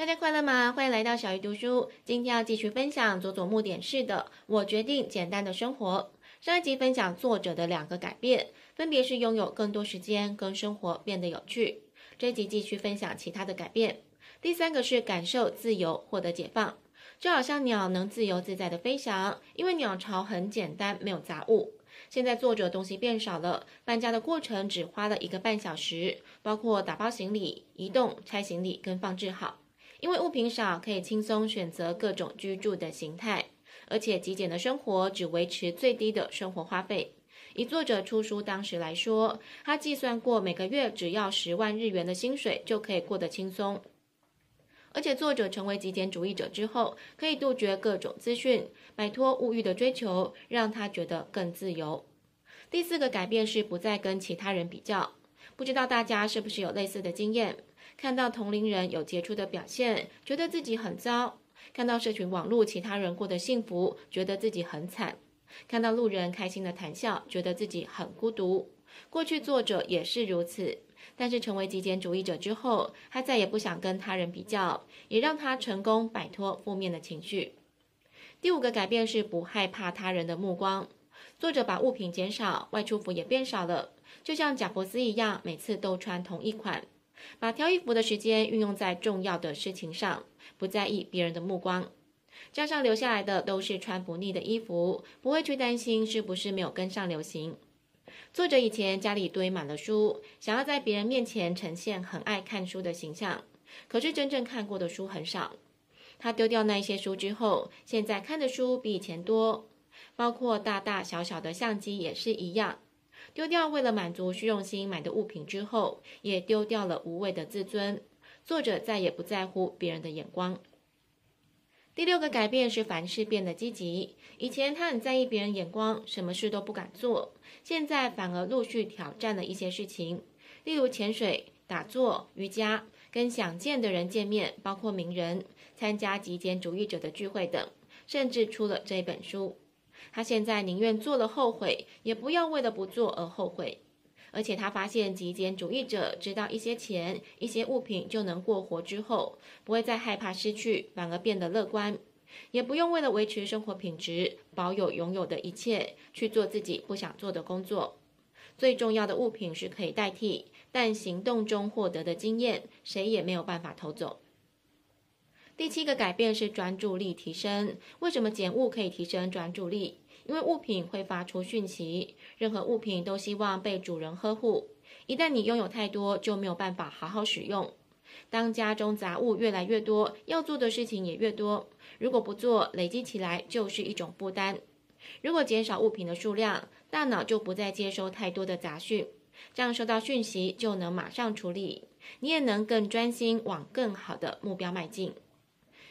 大家快樂嗎？歡迎來到小魚讀書。今天要繼續分享佐佐木典士的《我決定簡單的生活》。上一集分享作者的兩個改變，分別是擁有更多時間跟生活變得有趣。這一集繼續分享其他的改變。第三個是感受自由，獲得解放，就好像鳥能自由自在的飛翔，因為鳥巢很簡單，沒有雜物。現在作者東西變少了，搬家的過程只花了一個半小時，包括打包行李、移動、拆行李跟放置好。因為物品少，可以輕鬆選擇各種居住的形態，而且極簡的生活只維持最低的生活花費。以作者出書當時來說，他計算過每個月只要十萬日元的薪水就可以過得輕鬆。而且作者成為極簡主義者之後，可以杜絕各種資訊，擺脫物慾的追求，讓他覺得更自由。第四個改變是不再跟其他人比較。不知道大家是不是有類似的經驗？看到同齡人有傑出的表現，覺得自己很糟；看到社群網絡其他人過得幸福，覺得自己很慘；看到路人開心的談笑，覺得自己很孤獨。過去作者也是如此，但是成為極簡主義者之後，他再也不想跟他人比較，也讓他成功擺脫負面的情緒。第五個改變是不害怕他人的目光。作者把物品減少，外出服也變少了，就像賈伯斯一樣，每次都穿同一款，把挑衣服的時間運用在重要的事情上，不在意別人的目光，加上留下來的都是穿不膩的衣服，不會去擔心是不是沒有跟上流行。作者以前家裡堆滿了書，想要在別人面前呈現很愛看書的形象，可是真正看過的書很少。他丟掉那一些書之後，現在看的書比以前多。包括大大小小的相機也是一樣，丟掉為了滿足虛榮心買的物品之後，也丟掉了無謂的自尊。作者再也不在乎別人的眼光。第六個改變是凡事變得積極。以前他很在意別人眼光，什麼事都不敢做，現在反而陸續挑戰了一些事情，例如潛水、打坐、瑜伽、跟想見的人見面，包括名人、參加極簡主義者的聚會等，甚至出了這本書。他現在寧願做了後悔，也不要為了不做而後悔。而且他發現極簡主義者知道一些錢、一些物品就能過活之後，不會再害怕失去，反而變得樂觀，也不用為了維持生活品質、保有擁有的一切去做自己不想做的工作。最重要的物品是可以代替，但行動中獲得的經驗，誰也沒有辦法偷走。第七個改變是專注力提升。為什麼減物可以提升專注力？因為物品會發出訊息，任何物品都希望被主人呵護。一旦你擁有太多，就沒有辦法好好使用。當家中雜物越來越多，要做的事情也越多，如果不做，累積起來就是一種負擔。如果減少物品的數量，大腦就不再接收太多的雜訊，這樣收到訊息就能馬上處理，你也能更專心往更好的目標邁進。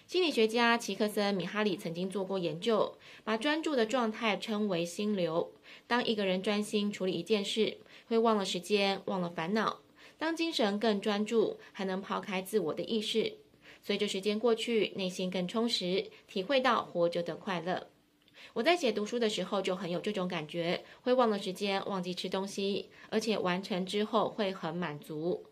心理學家奇克森米哈里曾經做過研究，把專注的狀態稱為心流。當一個人專心處理一件事，會忘了時間，忘了煩惱。當精神更專注，還能拋開自我的意識。隨着時間過去，內心更充實，體會到活着的快樂。我在寫讀書的時候就很有這種感覺，會忘了時間，忘記吃東西，而且完成之後會很滿足。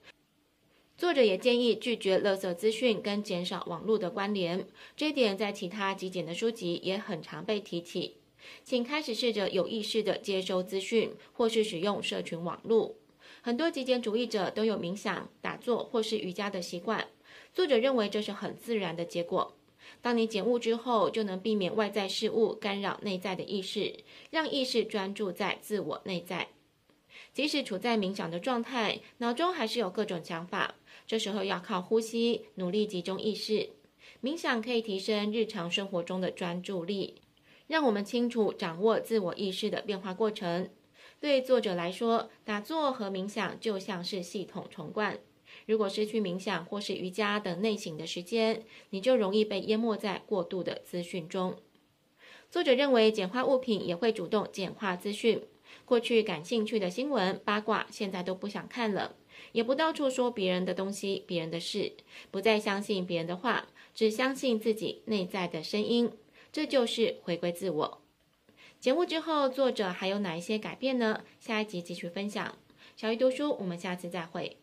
作者也建議拒絕垃圾資訊跟減少網絡的關聯，這一點在其他極簡的書籍也很常被提起。請開始試着有意識地接收資訊或是使用社群網絡。很多極簡主義者都有冥想、打坐或是瑜伽的習慣，作者認為這是很自然的結果。當你減物之後，就能避免外在事物干擾內在的意識，讓意識專注在自我內在。即使處在冥想的狀態，腦中還是有各種想法。這時候要靠呼吸努力集中意識。冥想可以提升日常生活中的專注力，讓我們清楚掌握自我意識的變化過程。對作者來說，打坐和冥想就像是系統重灌。如果失去冥想或是瑜伽等內省的時間，你就容易被淹沒在過度的資訊中。作者認為，簡化物品也會主動簡化資訊。過去感興趣的新聞八卦，現在都不想看了，也不到處說別人的東西、別人的事，不再相信別人的話，只相信自己內在的聲音，這就是回歸自我。節目之後，作者還有哪一些改變呢？下一集繼續分享。小魚讀書，我們下次再會。